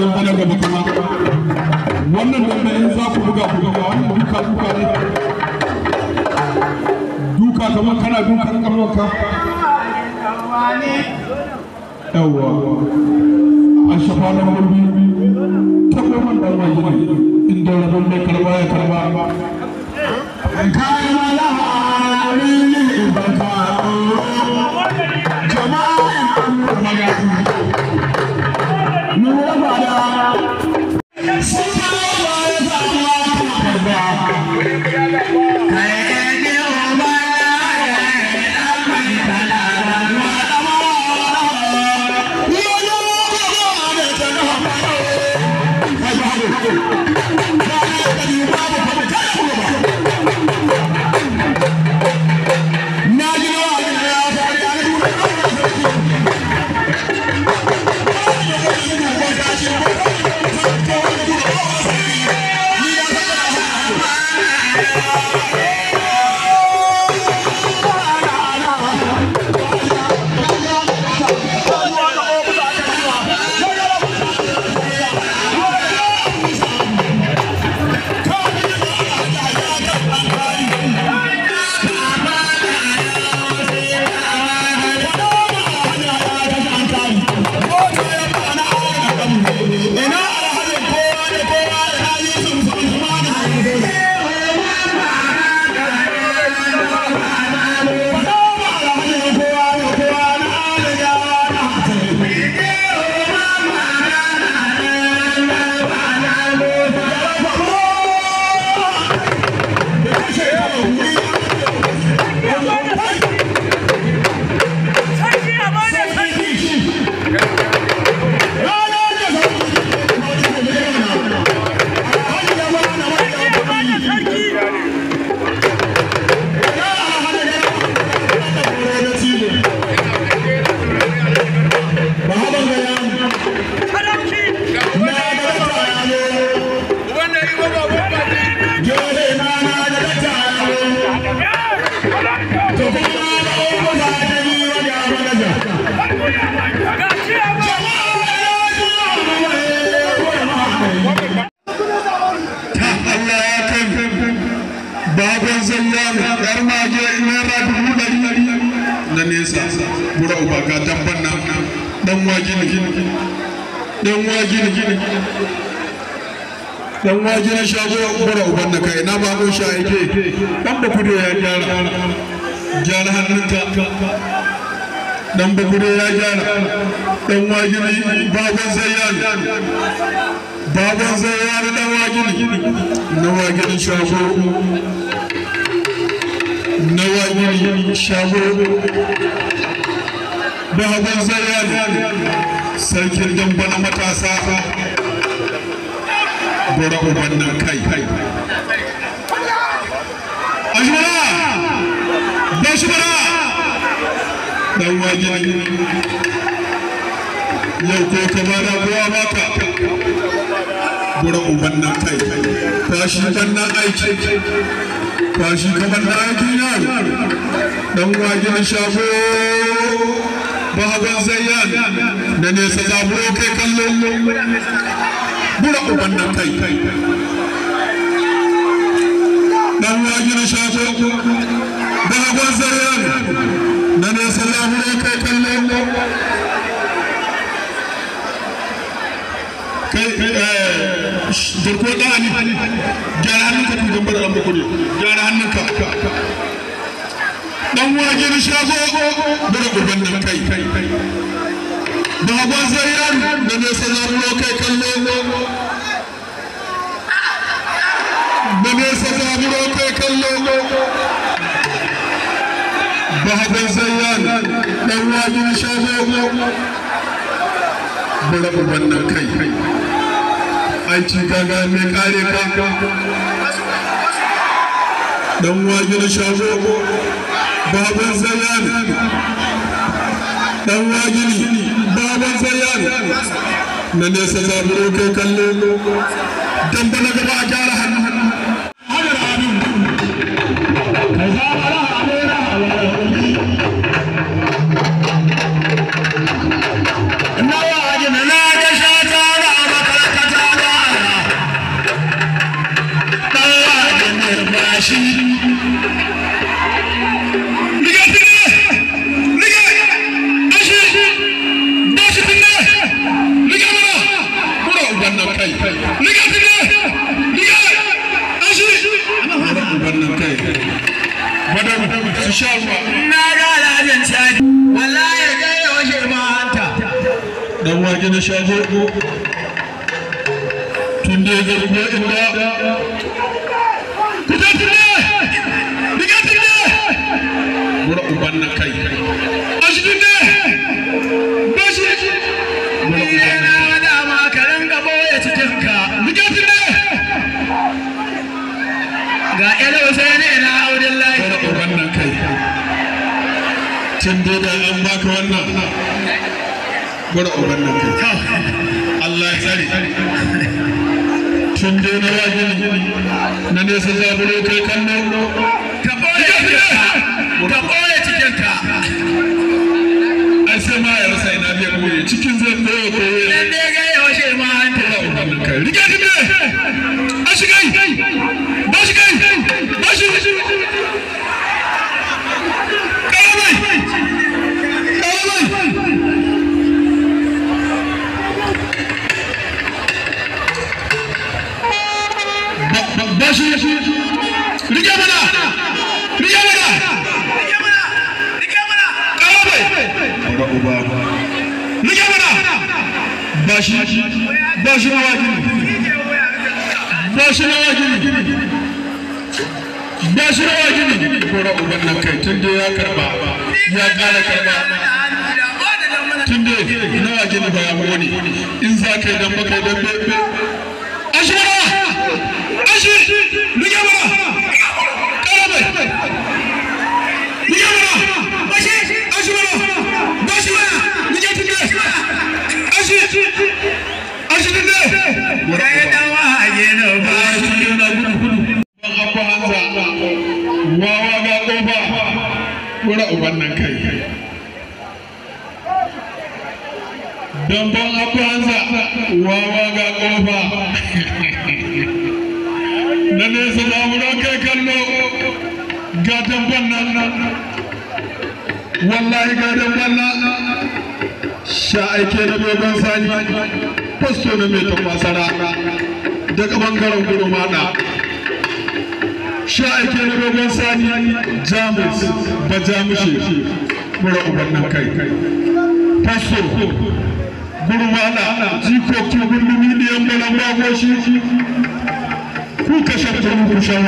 zo na gaba kuma wannan dambe in za ku buga ku wannan duka duka ne duka kamar kana duka kamar ka a shafa na mulbi ta inda rabon karba ya karba dan wagiri dan wajirin shago bara uban da kai na babu sha yake dan ba kudo ya gyara gyara hannunka dan ba kudo ya gyara dan wajiri baban zayyar baban zayyar dan wajiri na shago na wajirin shago baban zayyar sarkin damba na matasa bora gora ubannin kai ashibara da shibara dan wani yau ko ta bada kowa baka gora ubannin kai tashi bannan aiki shi kamar na aiki na dan wani shago bahawan zayyan da nesa zaburo kai kallo bura uban nan kai dan waji na shafo bahawan zayyan da nesa zaburo kai kallo kai jirko ɗani gyara hannunka tujen bada ɗan bukuri gyara hannunka dan wake na shago daga ku nan kai baba zayyar da nesa zamulo kai kallo da nesa zamulo kai kallo baba zayyar dan wake na shago daga ku nan kai aiki gaga me kare ka dan wake na shago baban zayyani dan wagini baban zayyani na nesa zaburo kai kallo dan gaba a gyara hannu gwada ogan nan kai Allah ya tsare tun dai na waje na nesa zaburo kai kallon ka ɓoye cikinka ka cikin ka ai sai ma ya rasa ina biya ɓoye cikin zai ɓoye ɓoye lalle ga yawa shi ma an tura ogan nan kai rike ne a shigai ba shi rike mana rike mana rike mana kawo mana ba shi ba shi na wajen ba shi na wajen ba shi na wajen kora uban nan kai tun da ya karba ya kara karba tun da na wajen ba ya wani inza kai ka yi dan wannan kai dambon akwanza wawa ga kofa na nesa zamuran kai kallo ga dambon nan wallahi ga dambon nan sha aike na dogon sani fasto na mai masara. daga bangaren gurmana sha ake na dogon sani jamus ba jamushe mura ubannin kai faso gurmana jikokin gurmi miliyan balan bagoshi ku kashe turmi ku shan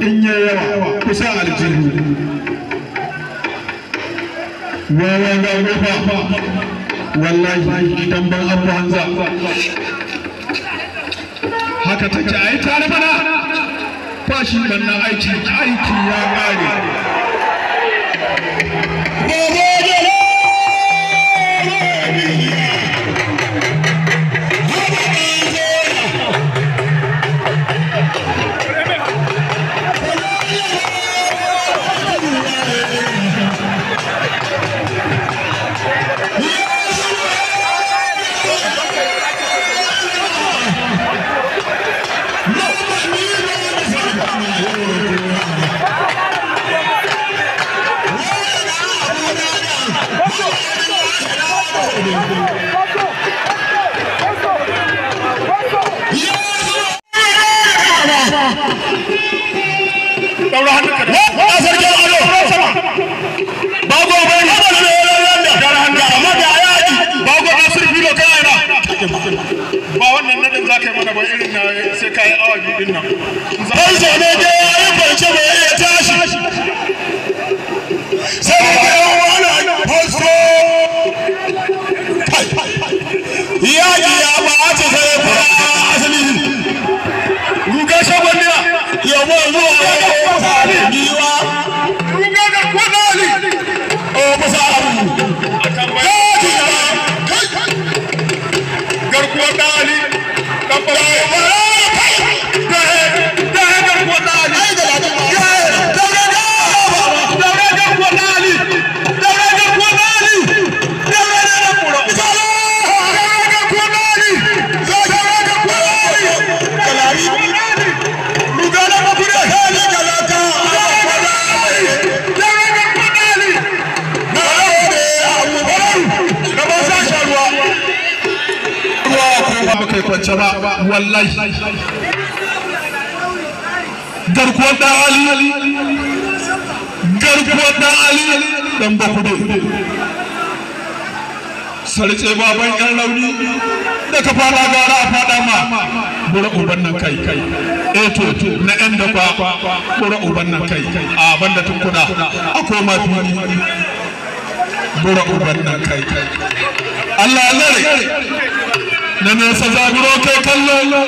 in yi yawa ku sa aljihu wawa ga rufa wallahi tambar ban abu hanza haka take a yi tare mana ba shi wannan aiki aiki ya ƙare. garkuwar dan ali garkuwar dan ali dan bakude sarce baban yan rauni da ka fara gara a faɗa ma bura uban nan kai kai eh to na yan da kwa bura uban nan kai kai a ban da tukuna a koma fili bura uban nan kai kai Allah ya ne na nesa zaburo kai kallo